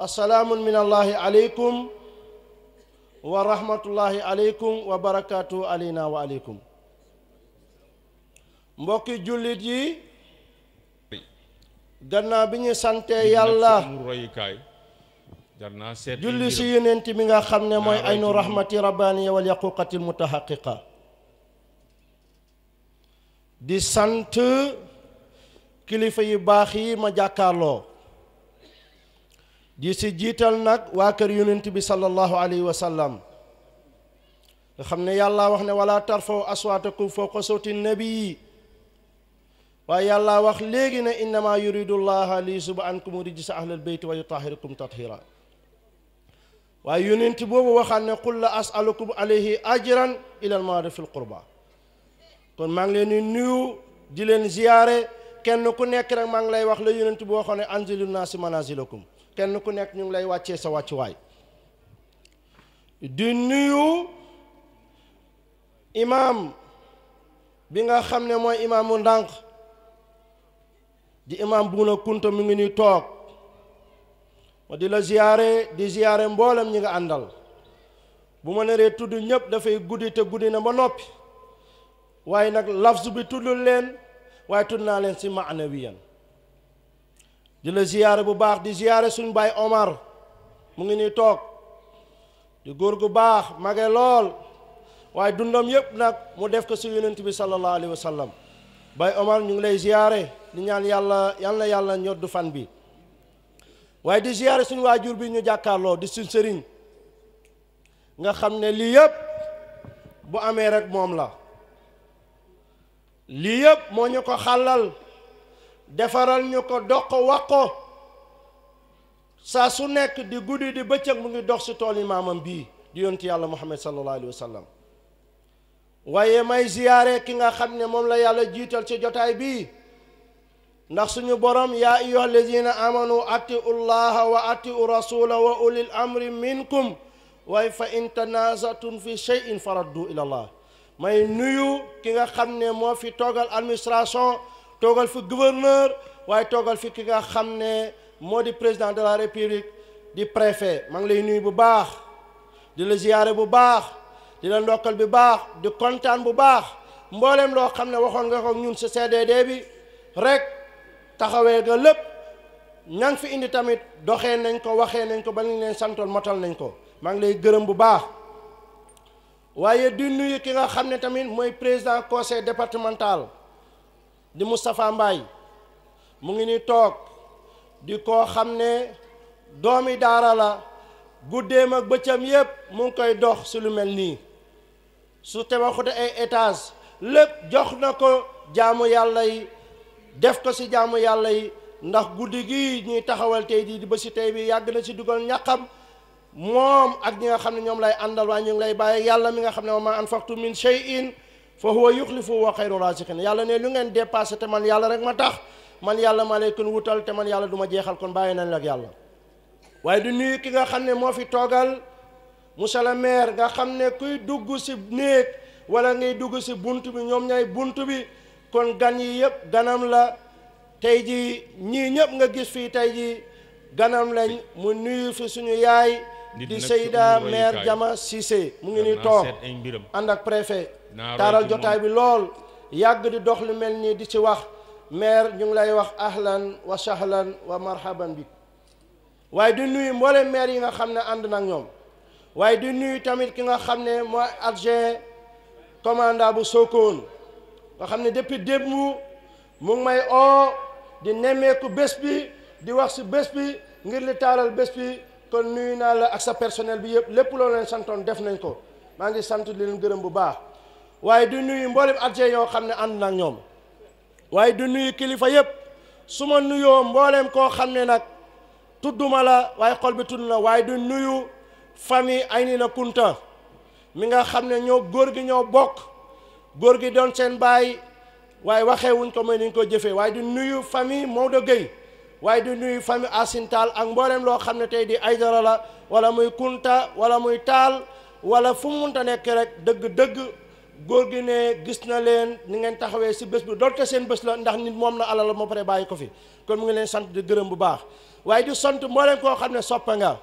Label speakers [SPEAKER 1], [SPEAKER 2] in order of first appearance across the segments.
[SPEAKER 1] Assalamun minallahi alaikum wa rahmatullahi alaikum wa barakatuhu alina wa alaikum mbokki jullit yi gannaaw bi ñu sante yàlla julli si yonent bi nga xam ne aynu rahmati rabbaniya wal yaquqatil mutahaqiqa di sante kilifa yu baax yi ma jàkkaarloo di si jiital nag waa kër yonent bi sallallahu alayhi wa sallam nga xam ne yàlla wax ne wala tarfaw aswaatakum fawqa sawti nabii waaye yàlla wax léegi ne innama yuridu llaha li yusuba ankum rijsa ahlal beyt wa yutahirakum tathira waaye yonent boobu waxaan ne qul la asalukum alayhi ajran ilal maarifil qurba kon maa ngi leen di nuyu di leen ziyaare kenn ku nekk rek maa ngi lay wax la yonent bi waxoon ne anzilu naasi manaazilakum kenn ku nekk ñu ngi lay wàccee sa wàccuwaay di nuyu imaam bi nga xam ne mooy imaamu ndànk di imaam Buuna Kunta mu ngi nuy toog ma di la ziyaare di ziyaare mboolem ñi nga àndal bu ma neree tudd ñëpp dafay guddi te guddi na ba noppi waaye nag lafz bi tuddul leen waye tudd len leen si maanawiyan di la ziaré bu baax di ziaré suñu bay Omar mu ngi ni tok di gor gu baax magé lol waye dundam yépp nak mu def ko si yonent bi sallallahu alaihi wasallam bay Omar ñu ngi lay ziaré di ñaan yalla yalla yàlla ñoddu fan bi waye di ziaré suñu wajur bi ñu jakarlo di suñ sëriñ nga xamné li yépp bu amé rek mom la lii yëpp moo ñu ko xàllal defaral ñu ko dox ko wax ko saa su nekk di guddi di bëccëg mu ngi dox si tool yi maamam di yonti yàlla muhammad sallallahu alaihi wasallam sallam waaye may ziyaare ki nga xam ne moom la yàlla jiital ci jotaay bii ndax suñu borom yaa ayyuha alladina amanu atiu llaha wa atiu rasula wa ulil amri minkum waaye fa in tanazatum fi cheyin faraddu ila allah may nuyu ki nga xamne ne fi togal administration togal fi gouverneur way togal fi ki nga xamne ne moo di président de la république di préfet maa ngi lay nuyu bu baax di la ziaré bu baax di la ndokal bu baax di contane bu baax mbollem lo xamne ne nga ko ñun ci CDD bi rek taxawé ga lepp ñang fi indi tamit doxé nañ ko waxé nañ ko ba ñu leen santol motal nañ ko maa ngi lay gërëm bu baax. waaye di nuyu ki nga xam ne tamit mooy président conseil départemental di Moustapha Mbaye mu ngi ni toog di koo xam ne doomi daara la guddeem ak bëccëm yépp mu ngi koy dox ci lu mel nii su tabaxute ay étage lépp jox na ko jaamu yàlla yi def ko si jaamu yàlla yi ndax guddi gi ñuy taxawal tey di ba si tey bi yàgg na si dugal ñàqam moom ak ñi nga xam ne ñoom lay àndal waaye ñu ngi lay bàyyi yàlla mi nga xam ne ma wa ma anfaqtu min shay'in fa huwa yuxlifu wa xayru raziqin yàlla ne lu ngeen dépassé te man yàlla rek ma tax man yàlla ma lay kon wutal te man yàlla duma ma jeexal kon bàyyi nañ la waaye du nuyu ki nga xam ne moo fi toogal monsieur maire nga xam ne kuy dugg si néeg wala ngay dugg si bunt bi ñoom ñay bunt bi kon gan yi yëpp ganam la tey ji ñii ñëpp nga gis fii tey ji ganam lañ mu nuyu fi suñu yaay di Seyda maire Jama Cissé mu ngi ni toog ànd ak préfet taaral jotaay bi lool yàgg di dox lu mel nii di ci wax maire ñu lay wax ahlan wa sahlan wa marhaban bi waaye di nuyu mboole maire yi nga xam ne ànd nag ñoom waaye di nuyu tamit ki nga xam ne mooy adjoint commandant bu Sokone nga xam ne depuis démb mu ngi may oo di nemmeeku bés bi di wax si bés bi ngir li taaral bés bi kon nuyu naa la ak sa personnel bi yëpp lépp loo leen santoon def nañ ko maa ngi sant di leen gërëm bu baax waaye du nuyu mboolem adjoint yoo xam ne ànd na ñoom waaye du nuyu kilifa yëpp su ma nuyoo mbooleem koo xam ne nag tudduma la waaye xol bi tudd na waaye du nuyu famille Aynina Kunta mi nga xam ne ñoo góor gi ñoo bokk góor gi doon seen baay waaye waxee wuñ ko mooy ni ñu ko jëfee waaye du nuyu famille Maodo Gueye waye du nuyu fami Asin ak mbolem lo xamne tay di Aydara la wala muy Kunta wala muy tal wala fu mu munta nekk rek deug deug gor gi ne gis na leen ni ngeen taxawé si bëss bu doonte seen bëss la ndax nit mom la alal mo paré bayiko fi kon mu ngi len sante de gëreem bu baax waye du sante mbolem ko xamne ne soppa nga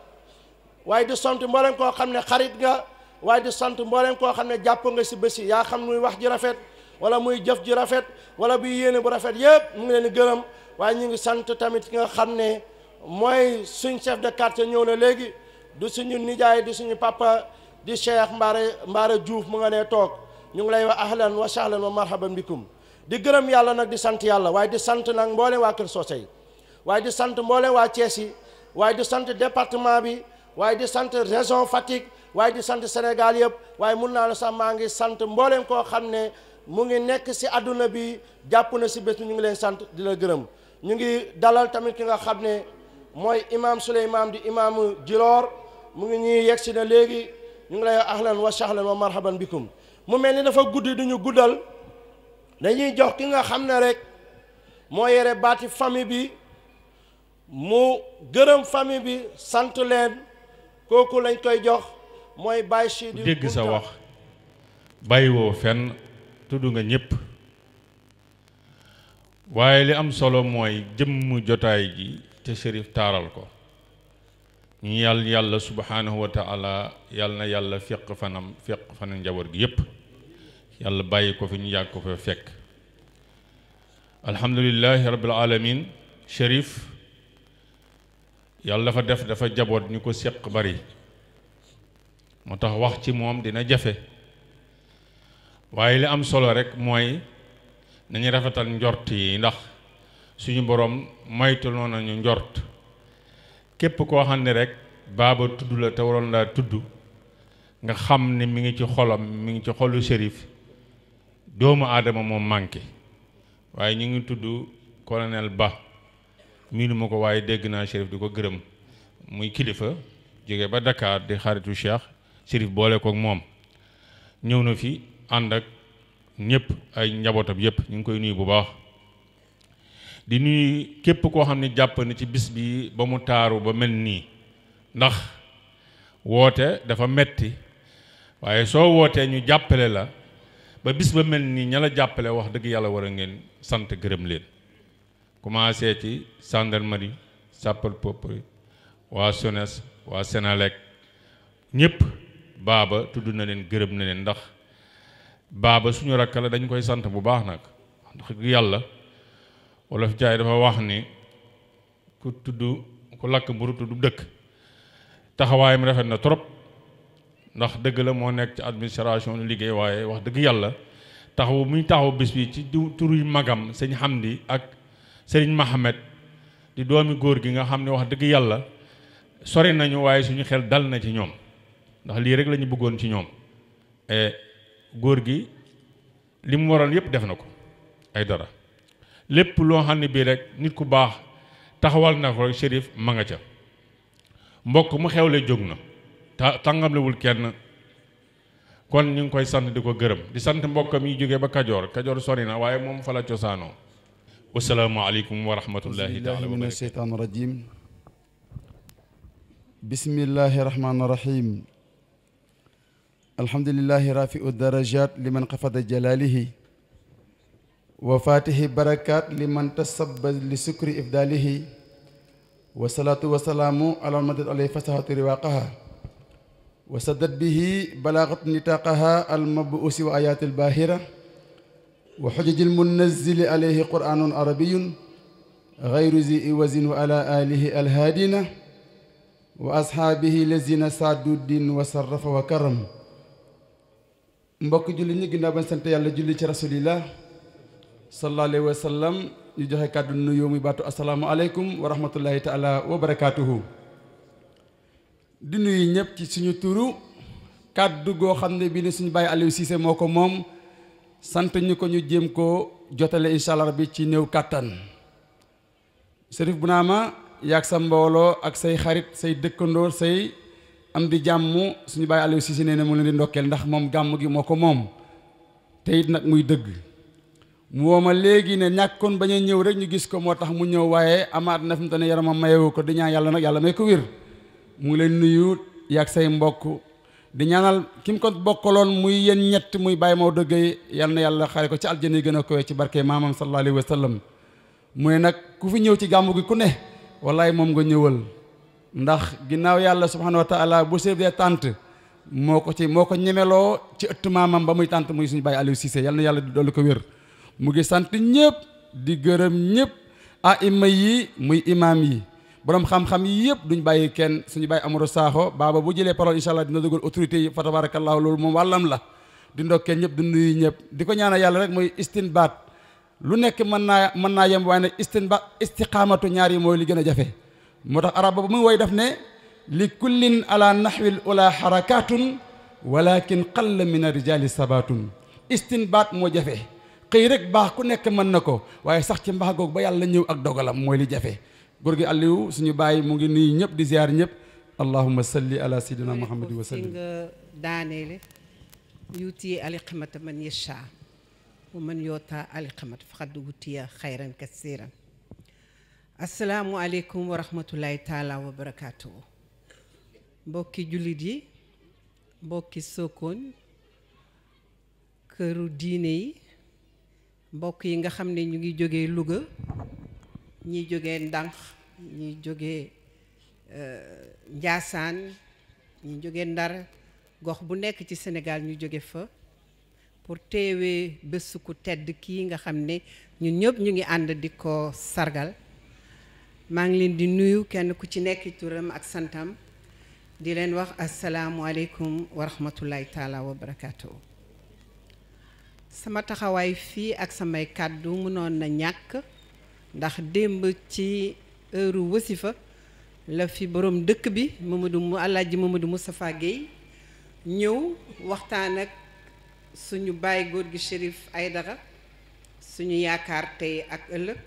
[SPEAKER 1] waye du sante mbolem ko xamne xarit nga waye du sante mbolem ko xamne ne nga si bëss ya xam muy wax ji rafet wala muy jëf ji rafet wala buy yene bu rafet yépp mu ngi len gëreem waaye ñu ngi sant tamit ki nga xam ne mooy suñ chef de quartier ñëw na léegi du suñu nijaay du suñu papa di Cheikh Mbaare Mbaare Diouf mu nga nee toog ñu ngi lay wax ahlan wa sahlan wa marhaban bikum di gërëm yàlla nag di sant yàlla waaye di sant nag mboolem waa Kër Socé yi waaye di sant mboolem waa Thiès yi waaye di sant département bi waaye di sant région Fatick waaye di sant Sénégal yëpp waaye mun naa la sax maa ngi sant mboolem koo xam ne mu ngi nekk si àdduna bi jàpp na si bés ñu ngi leen sant di la gërëm. ñu ngi dalal tamit ki nga xamne moy imam Souleymane di Imam Dilor. mu ngi ñi yegg na legi ñu ngi lay ahlan wa sahlan wa marhaban bikum mu melni ni dafa guddi duñu guddal dañuy jox ki nga xamne rek mo yere bati fami bi mu gërëm fami bi sant len koku lañ koy jox moy bàyyi si dégg
[SPEAKER 2] sa wax bàyyi wo fen tuddu nga waye li am solo moy jëm jotay ji te sherif taral ko ñi yal yàlla subhanahu wa taala yàll na yàlla fiq fanam fiq fan njabor gi yep yàlla baye ko fi ñu yàgg ko fa fekk alhamdulilahi rabbil alamin sherif yàlla fa def dafa jabot ñuko sekk bari motax wax ci mom dina jafe waye li am solo rek moy nañu rafetal njort yi ndax suñu borom moytuloo nañu njort képp koo xam ne rek baaba tudd la te waroon laa tudd nga xam ni mi ngi ci xolam mi ngi ci xolu shérif doomu aadama moom manqué waaye ñu ngi tudd colonel Ba miinu ma ko waaye dégg naa shérif di ko gërëm muy kilifa jóge ba dakaar di xaritu Cheikh shérif boole kook moom ñëw na fi ànd ak ñëpp ay njabootam yëpp ñu ngi koy nuyu bu baax di nuyu képp koo xam ne jàpp na ci bis bi ba mu taaru ba mel nii ndax woote dafa metti waaye soo wootee ñu jàppale la ba bis ba mel nii ña la jàppale wax dëgg yàlla war a ngeen sant gërëm leen commencé ci gendarmerie sapeurs-pompiers waa SONES waa Senelec ñëpp baaba tudd na leen gërëm na leen ndax baaba suñu rakk la dañ koy sant bu baax nag ndax yàlla wolof jaay dafa wax ni ku tudd ku lakk mburu tudd dëkk taxawaayam rafet na trop ndax dëgg la moo nekk ci administration liggéey waaye wax dëgg yàlla taxaw muy taxaw bis bi ci turuy magam sëñ Hamdi ak sëriñ Mahamed di doomi góor gi nga xam ne wax dëgg yàlla sori nañu waaye suñu xel dal na ci ñoom ndax lii rek lañu bëggoon ci ñoom eh, góor gi li mu waral yépp def na ko ay dara lépp loo xam ne bii rek nit ku baax taxawal na ko shérif ma nga ca mbokk mu xewle jóg na ta tàngamlewul kenn kon ñu ngi koy sant di ko gërëm di sant mbokkam yi jógee ba Kajoor Kajoor sori na waaye moom fa la cosaanoo wasalaamaaleykum wa rahmatullahi taala min
[SPEAKER 3] asheytaan rajim bismillahi الحمد لله رافع الدرجات لمن قفض جلاله وفاته بركات لمن تسبب لسكر إفداله وصلاة وسلام على المدد عليه فسحة رواقها وسدد به بلاغة نتاقها المبؤوس وآيات الباهرة وحجج المنزل عليه قرآن عربي غير زي وزن وعلى آله الهادين وأصحابه الذين سعدوا الدين وصرف وكرم mbokk julli ñi ginnaaw bañ sant yàlla julli ci rasulillah sallallahu alayhi wa sallam ñu joxe kàddu nuyoo muy baatu asalaamualeykum wa rahmatullahi taala wa barakaatuhu nuyu ñëpp ci suñu turu kàddu goo xam ne bii ne suñu bàyyi Aliou Cissé moo ko moom sant ñu ko ñu jéem koo jotale incha allah bi ci néew kàttan Cherif Bounama yaag sa mbooloo ak say xarit say dëkkandoo say am di jàmm suñu bàyyi Aliou Cissé nee na mu leen di ndokkeel ndax moom gàmm gi moo ko moom te it nag muy dëgg mu woo ma léegi ne ñàkkoon bañ ñëw rek ñu gis ko moo tax mu ñëw waaye amaat na fi mu toll nii yaramam mayewu ko di ñaan yàlla nag yàlla may ko wér mu ngi leen nuyu yàgg say mbokk di ñaanal ki mu ko bokkaloon muy yéen ñett muy bàyyi Maodo Gueye yal na yàlla xare ko ci aljana yi gën a kowe ci barke maamam sallallahu alayhi wa sallam mu ne nag ku fi ñëw ci gàmm gi ku ne wallaay moom nga ñëwal ndax ginnaaw yàlla subhanahu wa taala bu chef des tentes moo ko ci moo ko ñemeloo ci ëtt maamam ba muy tànt muy suñu bàyyi Aliou Cissé yàlla na yàlla dolli ko wér mu ngi sant ñëpp di gërëm ñëpp aima yi muy imaam yi borom xam-xam yi yëpp duñ bàyyi kenn suñu bàyyi Amadou Sakho baaba bu jëlee parole incha allah dina dugal autorité yi fa tabarakallahu loolu moom wàllam la di ndokkee ñëpp dund nuyu ñëpp di ko ñaana yàlla rek mooy istinbaat lu nekk mën naa mën naa yem waaye nag istinbaat istiqaamatu ñaar yi mooy li gën a jafe motax arab mu way def ne لكل على نحو الأولى حركات ولكن قل من الرجال ثبات استنباط مو جافي قي رك باخ كو نيك من نكو واي صاح تي مباخ غوك با يالا نيو اك دوغالام موي لي جافي غورغي عليو سني باي موغي نوي نييب دي زيار نييب اللهم صل على سيدنا محمد وسلم
[SPEAKER 4] دانيل يوتي علي قمت من يشاء ومن يوتا علي قمت فقد غوتيا خيرا كثيرا asalaamualeykum wa rahmatulahi taala wa barakaatu. mbokki jullit yi mbokki Sokone këru diine yi mbokk yi nga xam ne ñu ngi jógee luga ñi jógee Ndànk ñi jógee euh, Njaasaan ñu jógee Ndar gox bu nekk ci Sénégal ñu jóge fa pour teewee bésu ku tedd kii nga xam ne ñun ñëpp ñu ngi ànd di ko sargal maa ngi leen di nuyu kenn ku ci nekk turam ak santam di leen wax asalaamualeykum wa rahmatullahi taala wa barakaatu. sama taxawaay fii ak samay kàddu mënoon na ñàkk ndax démb ci ëru wasifa la fi boroom dëkk bi Mamadou mu Alaaji Mamadou Moustapha Guèye ñëw waxtaan ak suñu baay góor gi Chérif Aydara suñu yaakaar tey ak ëllëg.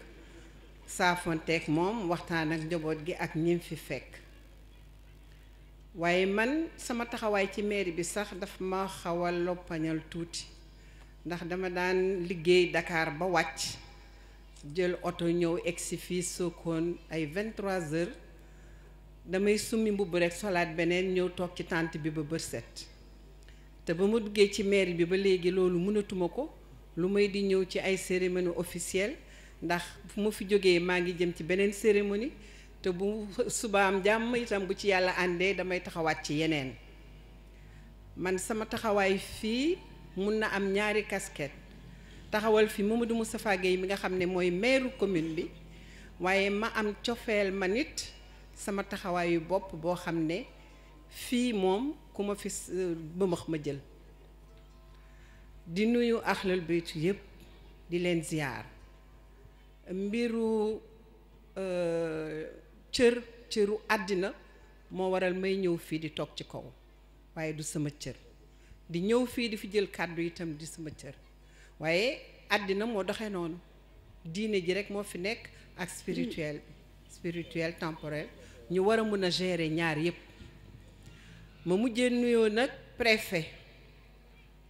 [SPEAKER 4] saafonteeg moom waxtaan ak njaboot gi ak ñim fi fekk waaye man sama taxawaay ci mairie bi sax dafa ma xawal a loppañal tuuti ndax dama daan liggéey dakaar ba wàcc jël oto ñëw egsi fii Sokone ay 23 heures damay summi mbubb rek solaat beneen ñëw toog ci tànt bi ba bët te ba ma duggee ci mairie bi ba léegi loolu mënatuma ko lu may di ñëw ci ay cérémonie officielle ndax bu ma fi jógee maa ngi jëm ci beneen cérémonie te bu subaam jàmm itam bu ci yàlla àndee damay taxawaat ci yeneen man sama taxawaay fii mun na am ñaari kasket taxawal fi Mamadou safaa Guèye bi nga xam ne mooy maire commune bi waaye ma am cofeel ma nit sama taxawaayu bopp boo xam ne fii moom ku ma fi bëmëx ma jël di nuyu axlal baytu yépp di leen ziyaar mbiru euh, cër cëru àddina moo waral may ñëw fii di toog ci kaw waaye du sama cër di ñëw fii di fi jël kàddu yitam di sama cër waaye àddina moo doxee noonu diine ji rek moo fi nekk ak spirituel spirituel temporel ñu war a mën a gérer ñaar yëpp ma mujjee nuyoo nag préfet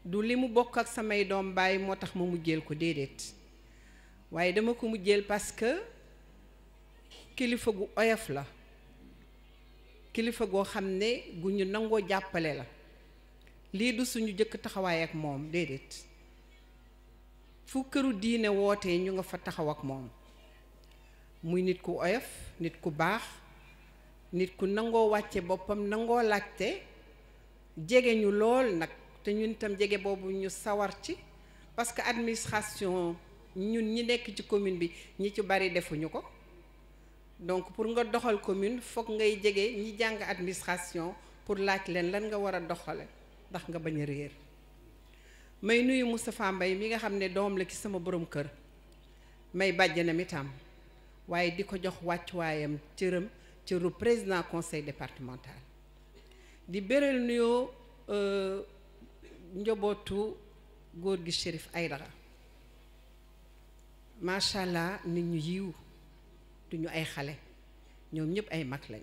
[SPEAKER 4] du li mu bokk ak samay doom bàyyi moo tax ma mujjeel ko déedéet waaye dama ko mujjeel parce que kilifa gu oyof la kilifa goo xam ne gu ñu nangoo jàppale la lii du suñu jëkk taxawaay ak moom déedéet fu këru diine wootee ñu nga fa taxaw ak moom muy nit ku oyof nit ku baax nit ku nangoo wàcce boppam nangoo laajte jege ñu lool nag te ñun itam jege boobu ñu sawar ci parce que administration ñun ñi nekk ci commune bi ñi ci bari defuñu ko donc pour nga doxal commune foog ngay jege ñi jàng administration pour laaj leen lan nga war a doxale ndax nga bañ a réer may nuyu Moustapha mbay mi nga xam ne doom la ci sama borom kër may bàjjanam itam waaye di ko jox wàccuwaayam cëram cëru président conseil départemental di béral nuyoo euh, njobootu góor gi Chérif Aïdara macha allah nit ñu yiw duñu ay xale ñoom ñëpp ay mag lañ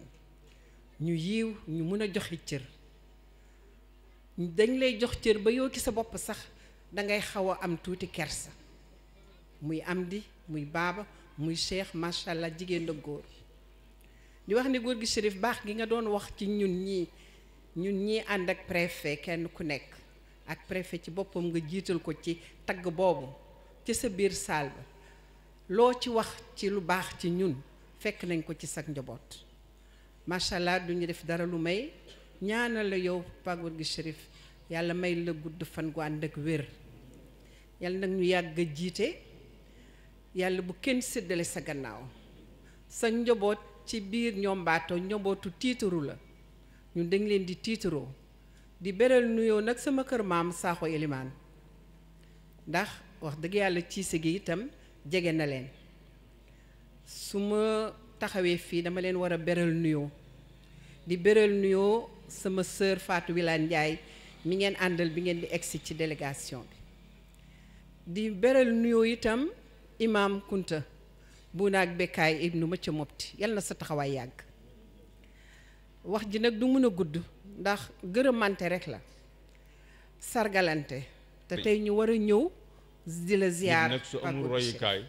[SPEAKER 4] ñu yiw ñu mën a joxe cër dañ lay jox cër ba yow ci sa bopp sax dangay xaw a am tuuti kersa muy am di muy baaba muy cheikh macha allah jigéen la góor di wax ni góor gi Chérif baax gi nga doon wax ci ñun ñii ñun ñii ànd ak préfet kenn ku nekk ak préfet ci boppam nga jiital ko ci tagg boobu ci sa biir saal ba loo ci wax ci lu baax ci ñun fekk nañ ko ci sag njaboot macha duñu def dara lu may ñaana la yow Pape Gorgui Chérif yàlla may la gudd fan gu ànd ak wér yàlla nag ñu yàgg a jiite yàlla bu kenn séddale sa gannaaw sa njaboot ci biir ñoom baatoo tiitaru la ñun dañ leen di tiitaroo di beral nuyoo nag sama kër maam Sakho Elimane ndax wax dëgg yàlla ciise gi itam jege na leen su ma taxawee fii dama leen war a beral nuyoo di beral nuyoo sama sœur Fatou Wilane njaay mi ngeen àndal bi ngeen di egsi ci délégation bi di beral nuyoo itam imaam Kunta bu naag bekkaay ibnu ma ca mopti yal na sa taxawaay yàgg wax ji nag du mën a gudd ndax gërëmante rek la sargalante te tey ñu war a ñëw di la ziar nag su amul royukaay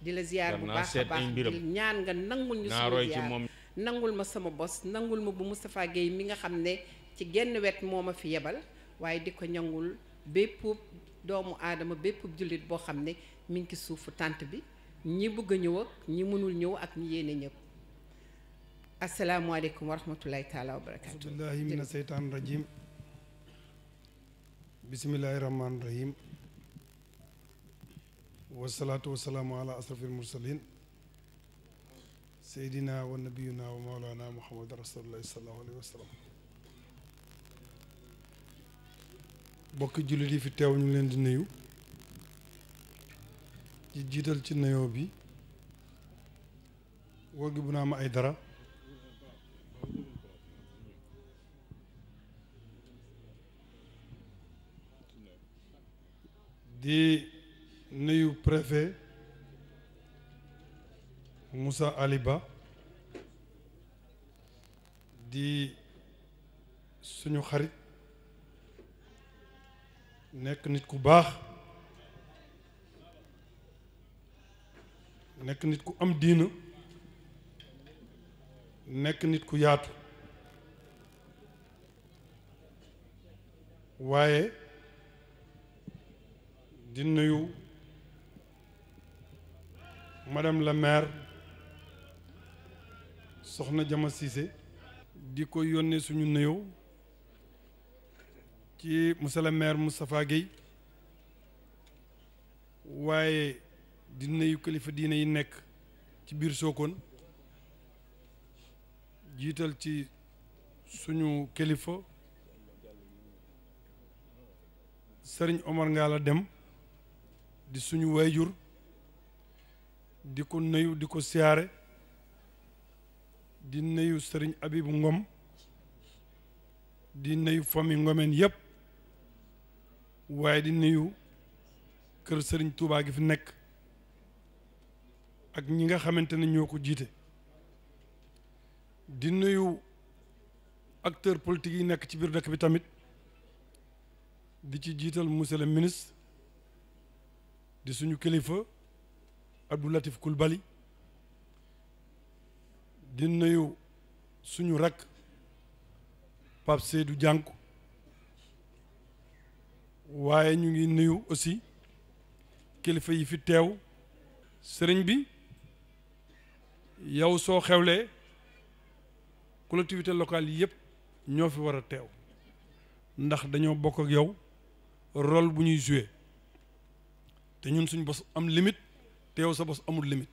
[SPEAKER 4] di la ziar bu baax a baax di ñaan nga nangul ñu suñu ziar nangul ma sama bos nangul ma bu Moustapha Guèye mi nga xam ne ci genn wet moo ma fi yebal waaye di ko ñangul bépp doomu aadama bépp jullit boo xam ne mi ngi ci suufu tànt bi ñi bëgg a ñëw ak ñi mënul ñëw ak ñi yéene ñëpp asalaamualeykum wa rahmatullahi taala wa barakatu
[SPEAKER 5] billahi min rahim والصلاة والسلام على أشرف المرسلين سيدنا ونبينا ومولانا محمد رسول الله صلى الله عليه وسلم بوك جولي في تاو ني لين دي نيو دي جيتال سي نيو بي وغي بنا ما اي دارا دي nuyu préfet Moussa Aliba di suñu xarit nekk nit ku baax nekk nit ku am diina nekk nit ku yaatu waaye di nuyu madame la maire soxna Jama Cissé di ko yónnee suñu nuyoo ci monsieur le maire Moustapha waaye di nuyu kilifa diine yi nekk ci biir Sokone jiital ci suñu kilifa Serigne Omar Ngalla Deme di suñu waajur di ko nuyu di ko siyaare di nuyu sëriñ Abibu Ngom di nuyu famille Ngomeen yëpp waaye di nuyu kër sëriñ Touba gi fi nekk ak ñi nga xamante ne ñoo ko jiite di nuyu acteur politique yi nekk ci biir dëkk bi tamit di ci jiital monsieur le di suñu kilifa Abdou Latif Coulibaly di nuyu suñu rakk Pape Seydou aussi kilifa yi fi teew sëriñ collectivité locale yep ñoo fi ndax dañoo bokk rôle bu jouer té ñun suñu am te yow sa bos amul limite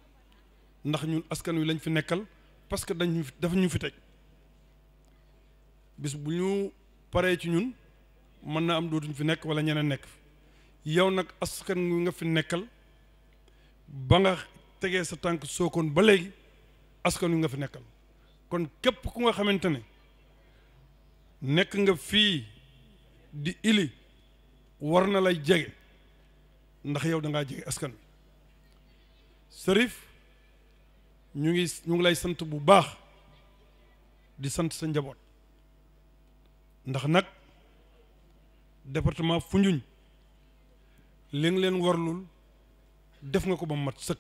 [SPEAKER 5] ndax ñun askan wi lañ fi nekkal parce que dañ dafa ñu fi teg bis bu ñu paré ci ñun man na am dootun fi nekk wala ñeneen nekk yow nak askan wi nga fi nekkal ba nga tege sa tank ba askan wi nga fi nekkal kon képp ku nga xamantene ne nekk nga fi di ili war lay jégé ndax yow da nga jégé askan wi sërif ñu ngi ñu ngi lay sant bu baax di sant sa njaboot ndax nag département funjuñ li nga leen warlul def nga ko ba mat sëkk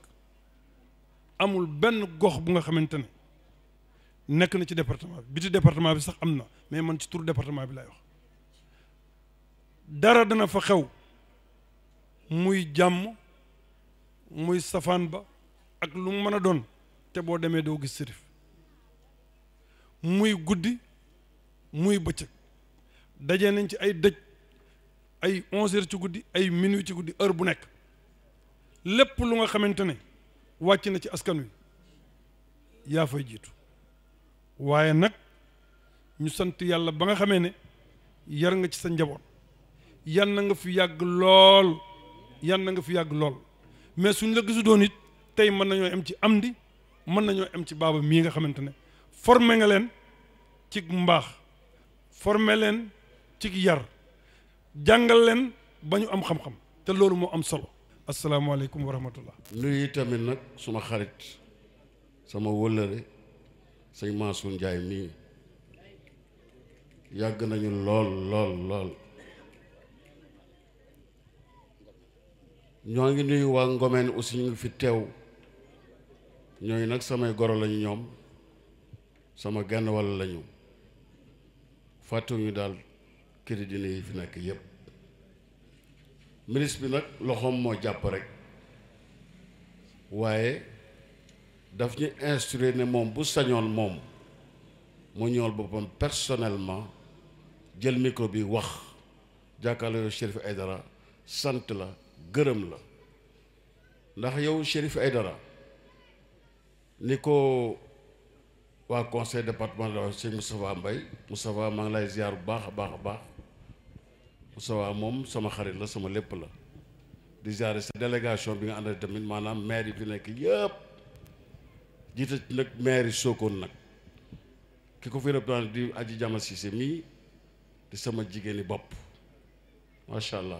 [SPEAKER 5] amul benn gox bu nga xamante ne nekk na ci département bi biti département bi sax am na mais man ci tur département bi lay wax dara dana fa xew muy jàmm muy safaan ba ak lu mën a doon te boo demee doo gis sërif muy guddi muy bëccëg daje nañ ci ay dëj ay onze heures ci guddi ay minuit ci guddi heure bu nekk lépp lu nga xamante ne wàcc na ci askan wi yaa fay jiitu waaye nag ñu sant yàlla ba nga xamee ne yar nga ci sa njaboot yan na nga fi yàgg lool yan na nga fi yàgg lool mais suñ la gisu doon it tey mën nañoo am ci am di mën nañoo am ci baaba mii nga xamante ne formé nga leen ci mbaax formé leen cig yar jàngal leen ba ñu am xam-xam te loolu moo am solo asalaamaaleykum wa rahmatullah
[SPEAKER 6] nuyu tamit nag suma xarit sama wëllëre sëñ Mansour njaay mii yàgg nañu lool lool lool ñoo ngi nuyu wa Ngomeen aussi ñu fi tew ñoy samay goro lañu ñom sama genn lañu fatu fi yépp ministre bi nak loxom mo japp rek daf ñu instruire né mom bu mom mo ñol bopam personnellement jël micro bi wax le cheikh Aïdara la gërëm la ndax yow Chérif dara ni ko waa conseil départemental sëñ Moustapha Mbaye mbay maa ngi lay ziar bu baax a baax a baax Moustapha moom sama xarit la sama lépp la di ziare sa délégation bi nga ànd ak tamit maanaam maire yi fi nekk yëpp jiite ci nag maire yi Sokone nag ki ko fi représenté di aji si Cissé mii di sama jigéeni bopp macha allah.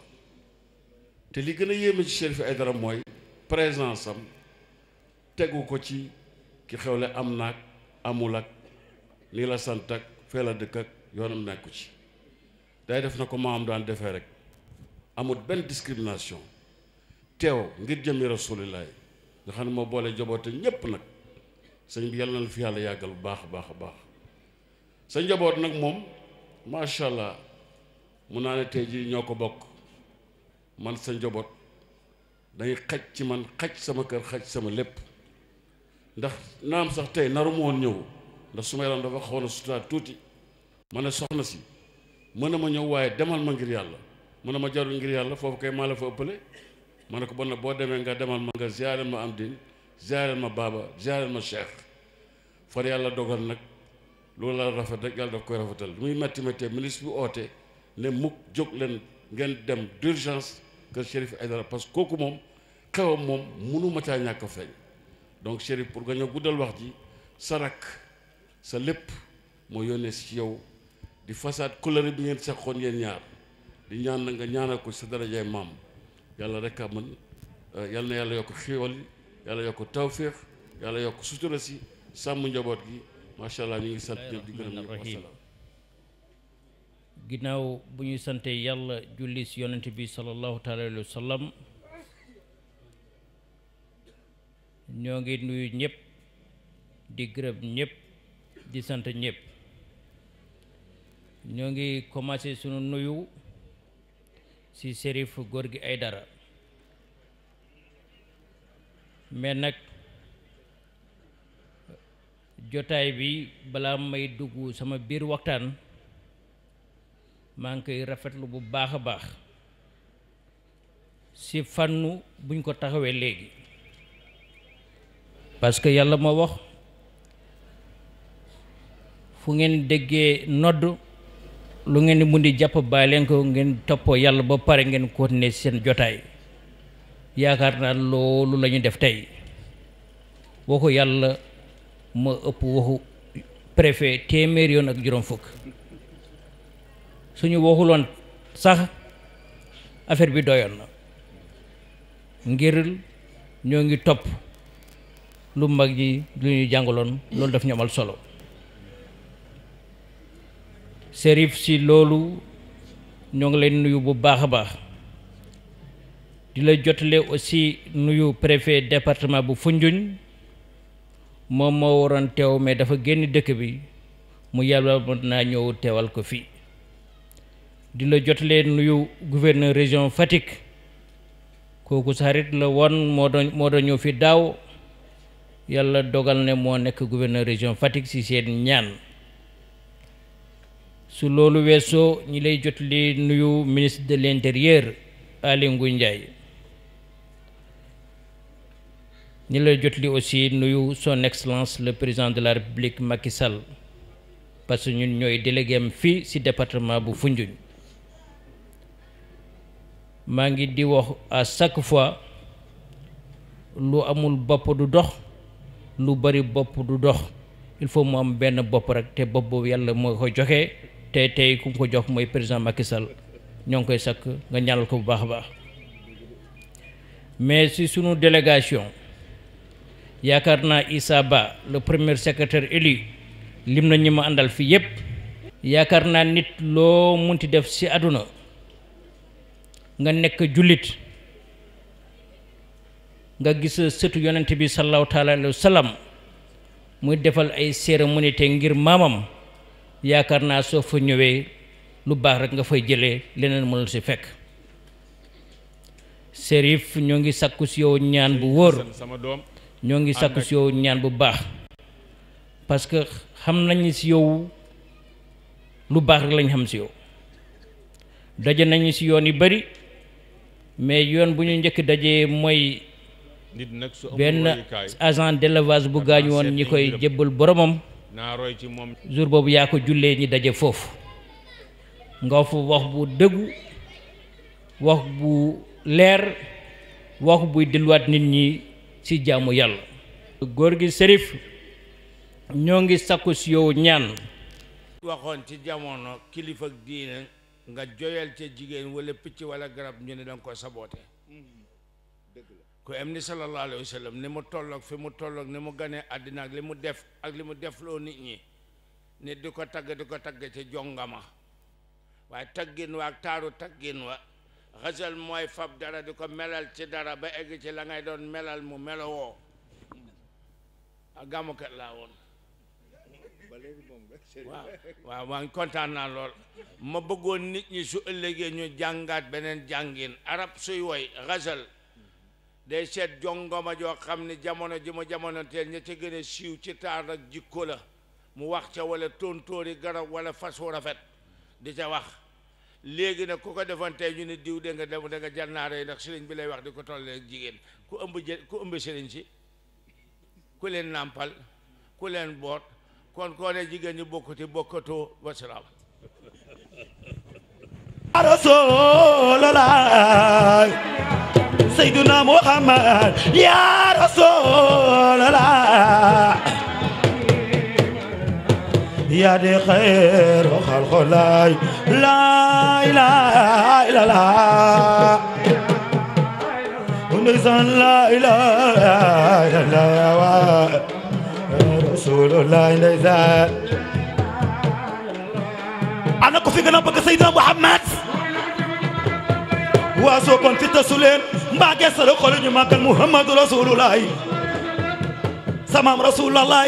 [SPEAKER 6] te li gën a yéeme ci Chérif Aïdara mooy présence am tegu ko ci ki xewle am naag amul ak lii la sant ak fee la dëkk ak yoonam nekku ci day def na ko maam daan defee rek amut benn discrimination teew ngir jëmi rasulilaay nga xam ne moo boole joboote ñépp nag sëñ bi yàlla na fi yàlla yàggal bu baax a baax a baax sa njaboot nag moom macha allah mun naa ne tey jii ñoo ko bokk man sa njaboot day xaj ci man xaj sama kër xaj sama lépp ndax naam sax tey naru ma woon ñëw ndax su ma yaram dafa na su sutaat tuuti ma ne soxna si mën na ma ñëw waaye demal ma ngir yàlla mën na ma jarul ngir yàlla foofu kay maa la fa ëppale ma ne ko bon na boo demee nga demal ma nga ziareel ma am din ziareel ma baaba ziareel ma cheikh far yàlla dogal nag loolu la rafet rek yàlla daf koy rafetal lu muy metti metti ministre bi oote ne mukk jóg leen ngeen dem d'urgence que Chérif Aïdara parce que kooku mom xewam mom munu ma caa ñàkk a donc Chérif pour nga ñëw guddal wax ji sarak sa lepp mo yone ci yow di façade coloré bi ngeen seqoon yéen ñaar di ñaan nga ñaanal ko sa darajaay mam yalla rek ka man euh, yalla na yalla yokk xéewal yalla yàlla yokk yalla yàlla yokk sutura si sàmm njaboot gi machallah allah ñu ngi sant di gërëm ñëpp wasalaam
[SPEAKER 7] Ginau bu santai sante yàlla julli si yonent bi sallallahu taala wa sallam ñoo ngi nuyu ñëpp di gërëb ñëpp di sant ñëpp ñoo ngi commencé sunu nuyu si serif gorgi dara mais nag jotaay bi balaa may dugg sama bir waxtaan maa ngi koy rafetlu bu baax a baax si fànnu buñ ko taxawee léegi parce que yàlla moo wax fu ngeen déggee nodd lu ngeen di mun di jàpp bàyyi leen ko ngeen toppoo yàlla ba pare ngeen continuer seen jotaay yaakaar naa loolu la def tey waxu yàlla ma ëpp waxu préfet téeméer yoon ak juróom fukk suñu waxuloon sax affaire bi doyon na ngir ñongi top lu mag ji lu ñu daf ñamal solo Serif si lolu ñong leen nuyu bu baaxa baax di jotale aussi nuyu préfet département bu funjun, mom mo woron tew mais dafa genn dekk bi mu yalla kofi. ko fi di la jotalee nuyu gouverneur région Fatick kooku sa xarit la woon moo doon moo doon ñëw fi daaw yàlla dogal ne moo nekk gouverneur région Fatick si seen ñaan su loolu weesoo ñi lay jotalee nuyu ministre de l'intérieur Aly Ngouille Ndiaye ñi lay jotalee aussi nuyu son excellence le président de la république Macky Sall parce que ñun ñooy délégué fii si département bu Foundiougne mangi di wax à chaque fois lu amul bop du dox lu bari bop du dox il faut mu am ben bop rek te bop bo yalla mo ko joxe te tey ku ko jox moy président Macky Sall ñong koy sak nga ñal ko bu baax mais si sunu délégation yakarna Issa Ba le premier secrétaire élu lim na ñi ma yépp yakarna nit lo munti def ci aduna nga nek julit nga gis sëtu yonent bi sallahu taala alayhi wasallam muy defal ay cérémonie te ngir mamam yakarna so soo fa lu baax rek nga fay jëlé leneen mënul ci fekk Serif ñu ngi sakku si yow ñaan bu wóor ñu ngi sakku si yow ñaan bu baax parce que xam nañ ci yow lu baax rek lañ xam ci yow dajé nañ ci yoon bari mais yoon bu ñu njëkk dajee mooy benn agent d'élevage bu gaañ woon ñi koy jébbal boromam jour boobu yaa ko jullee ñi daje foofu nga fa wax bu dëggu wax bu leer wax buy delluwaat nit ñi ci jaamu yàlla góor gi sërif ñoo ngi sakku si yow ñaan
[SPEAKER 8] waxoon ci jamono kilifa diine nga joyal ca jigéen wala picc wala garab ñu ne danga ko saboote mm-hmm. ku am ni sallallahu alayhi wa sallam ni mu tolloog fi mu tolloog ni mu ganee àddina ak li mu def ak li mu def loo nit ñi nit di ko tagg di ko tagg ca jongama waaye taggin wa ak taaru taggin wa xasal mooy fab dara di ko melal ci dara ba egg ci la ngay doon melal mu melowoo mm-hmm. ak gàmmukat laa woon waaw waaw ngi kontaan naa lool ma bëggoon nit ñi su ëllëgee ñu jàngaat beneen jàngin arab suy woy xasal day seet jongoma joo xam ne jamono ji ma jamono teel ña ca gën a siiw ci taar ak jikko la mu wax ca wala tóontóori garab wala fas wu rafet di ca wax léegi nag ku ko defoon tey ñu ne diw de nga dem de nga jannaare yi ndax sëriñ bi lay wax di ko tollee jigéen ku ëmb jë ku ëmb sëriñ si ku leen nàmpal ku leen boot kon koo ne jigéen ñi bokkuti bokkatoo wasalaam
[SPEAKER 9] rasulallah muhammad ya rasulallah ya di khairu khalqullah la ilaha illallah la ilaha rasulullah ndeysaan ana ko fi gën a bëgg Seydina Muhammad waasoo kon fi tasu leen mbaa geesal xol ñu màggal Muhammadu rasulullah samaam rasulullah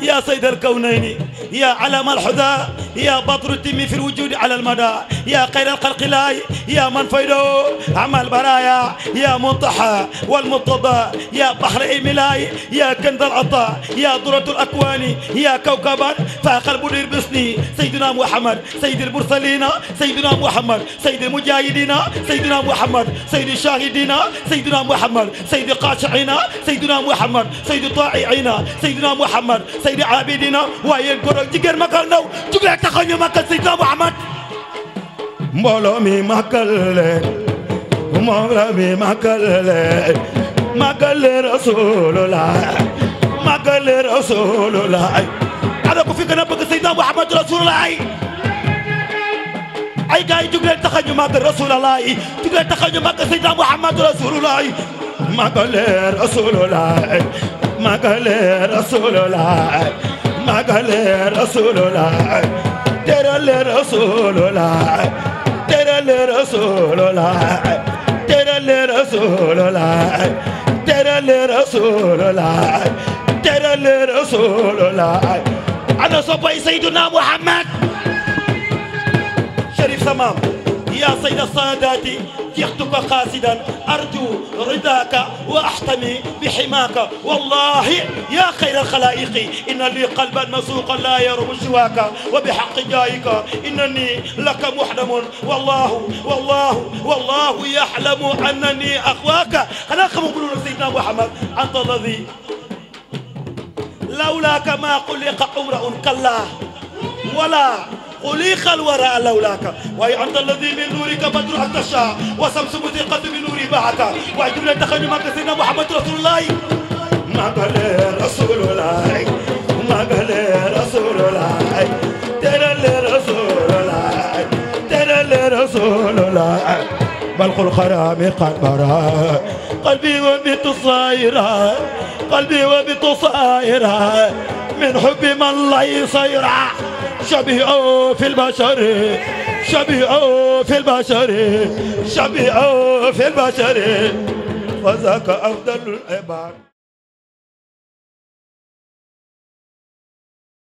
[SPEAKER 9] yaa saydal kawnayni يا علم الحذاء يا بطر التم في الوجود على المدى يا خير الخلق لاي يا من فيده عمى البرايا يا منطحى والمرتضى يا بحر إيميلاي يا كنز العطاء يا درة الأكوان يا كوكبا فاخر بدير بسني سيدنا محمد سيد المرسلين سيدنا محمد سيد المجاهدين سيدنا محمد سيد الشاهدين سيدنا محمد سيد قاشعين سيدنا محمد سيد الطائعين سيدنا محمد سيد عابدين وهي الكرة góor jigéen ma ko ndaw jugee taxaw ñu màkkal Seydina Muhammad mbooloo mi màkkal leen mbooloo mi màkkal leen màkkal leen Rasulullah màkkal leen Rasulullah ana ku fi gën a bëgg Seydina Muhammad Rasulullah ay gaay jug leen taxaw ñu màkkal Rasulullah jug leen taxaw ñu màkkal Seydina Muhammad Rasulullah màkkal leen Rasulullah màkkal leen Rasulullah ما قال رسول الله ترى رسول الله ترى رسول الله ترى رسول الله ترى رسول الله ترى رسول الله انا صبي سيدنا محمد شريف تمام يا سيد السادات يخطب قاصدا أرجو رضاك وأحتمي بحماك والله يا خير الخلائق إن لي قلبا مسوقا لا يرم سواك وبحق جايك إنني لك محرم والله والله والله يعلم أنني أخواك أنا قبول سيدنا محمد أنت الذي لولاك ما قلق امرأ كلا ولا خل الوراء لولاك وأي الذي من نورك بدر حتى الشاع وسمس مذيقة من نور بعثا وأجبنا تخيل ما سيدنا محمد رسول الله ما قال رسول الله ما قال رسول الله ترى رسول الله ترى رسول الله بلخ الخرام قد برا قلبي وبت صايرا قلبي وبت صايرا من حب من الله يصيره شبيه في البشر شبيه في البشر
[SPEAKER 6] شبيه في البشر فذاك أفضل العباد